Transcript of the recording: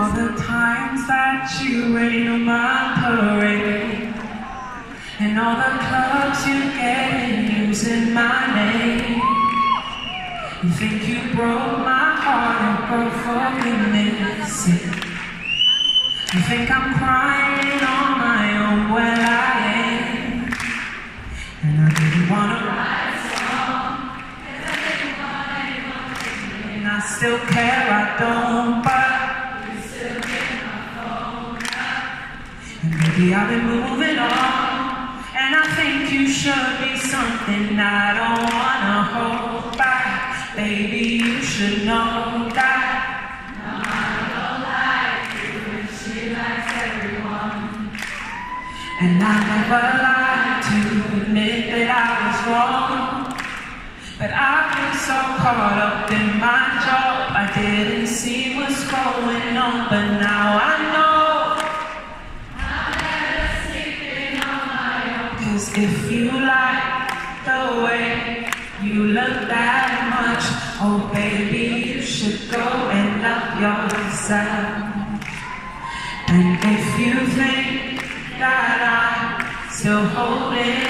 all the times that you rain on my parade And all the clubs you get in using my name You think you broke my heart and broke forgiveness You think I'm crying on my own, well I am And I didn't wanna write a song And I And I still care, I don't I've been moving on, and I think you should be something I don't wanna hold back. Baby, you should know that. No, I don't like you, she likes everyone. And I never lied to admit that I was wrong. But I've been so caught up in my job, I didn't see what's going on, but now I if you like the way you look that much, oh baby, you should go and love yourself. And if you think that I'm still holding